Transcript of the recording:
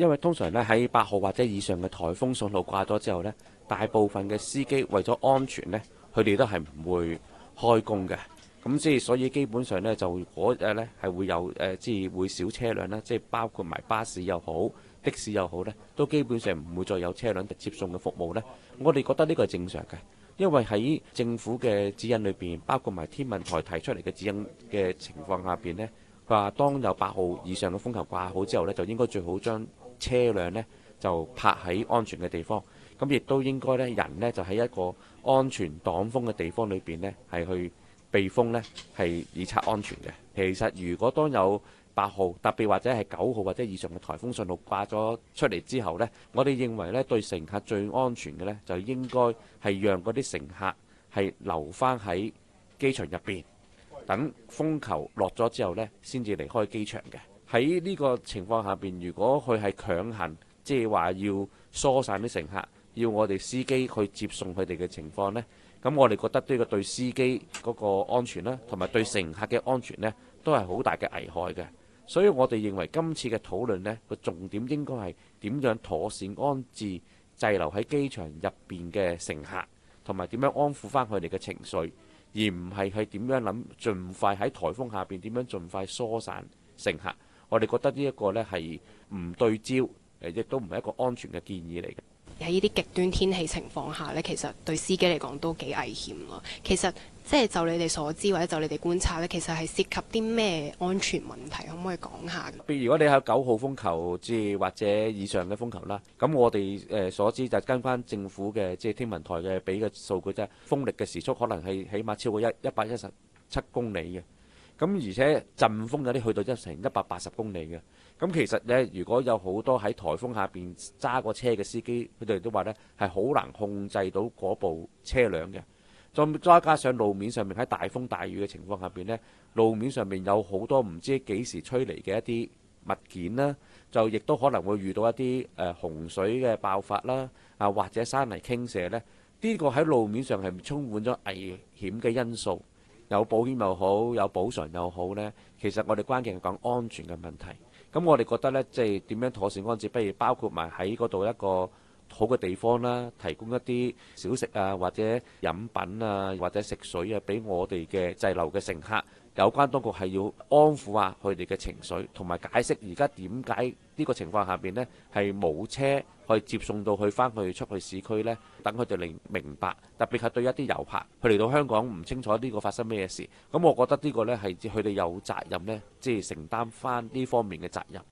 因為通常咧喺八號或者以上嘅颱風信號掛咗之後咧，大部分嘅司機為咗安全咧，佢哋都係唔會開工嘅。咁即係所以基本上呢，就日咧係會有誒，即、呃、係會少車輛啦，即係包括埋巴士又好、的士又好咧，都基本上唔會再有車輛接送嘅服務呢，我哋覺得呢個係正常嘅，因為喺政府嘅指引裏邊，包括埋天文台提出嚟嘅指引嘅情況下邊呢，佢話當有八號以上嘅風球掛好之後呢，就應該最好將車輛呢就泊喺安全嘅地方，咁亦都應該呢，人呢就喺一個安全擋風嘅地方裏邊呢，係去避風呢，係以策安全嘅。其實如果當有八號，特別或者係九號或者以上嘅颱風信號掛咗出嚟之後呢，我哋認為呢對乘客最安全嘅呢，就應該係讓嗰啲乘客係留返喺機場入邊，等風球落咗之後呢，先至離開機場嘅。喺呢個情況下邊，如果佢係強行，即係話要疏散啲乘客，要我哋司機去接送佢哋嘅情況呢，咁我哋覺得呢個對司機嗰個安全啦，同埋對乘客嘅安全呢，都係好大嘅危害嘅。所以我哋認為今次嘅討論呢，個重點應該係點樣妥善安置滯留喺機場入邊嘅乘客，同埋點樣安撫翻佢哋嘅情緒，而唔係係點樣諗盡快喺颱風下邊點樣盡快疏散乘客。我哋覺得呢一個呢係唔對焦，誒亦都唔係一個安全嘅建議嚟嘅。喺呢啲極端天氣情況下呢，其實對司機嚟講都幾危險咯。其實即係、即係、就你哋所知，或者就你哋觀察呢，其實係涉及啲咩安全問題？可唔可以講下？譬如如果你喺九號風球，即係或者以上嘅風球啦，咁我哋誒所知就跟翻政府嘅即係天文台嘅俾嘅數據啫，即係、風力嘅時速可能係起碼超過一一百一十七公里嘅。咁而且陣風有啲去到一成一百八十公里嘅。咁其實呢，如果有好多喺颱風下邊揸過車嘅司機，佢哋都話呢係好難控制到嗰部車輛嘅。再加上路面上面喺大風大雨嘅情況下邊呢，路面上面有好多唔知幾時吹嚟嘅一啲物件啦，就亦都可能會遇到一啲誒洪水嘅爆發啦，啊或者山泥傾瀉呢。呢個喺路面上係充滿咗危險嘅因素。有保險又好，有補償又好呢。其實我哋關鍵係講安全嘅問題。咁我哋覺得呢，即係點樣妥善安置，不如包括埋喺嗰度一個好嘅地方啦，提供一啲小食啊，或者飲品啊，或者食水啊，俾我哋嘅滯留嘅乘客。有關當局係要安撫下佢哋嘅情緒，同埋解釋而家點解呢個情況下邊呢係冇車去接送到佢翻去出去市區呢。等佢哋明明白，特別係對一啲遊客，佢嚟到香港唔清楚呢個發生咩事，咁我覺得呢個呢係佢哋有責任呢，即係承擔翻呢方面嘅責任。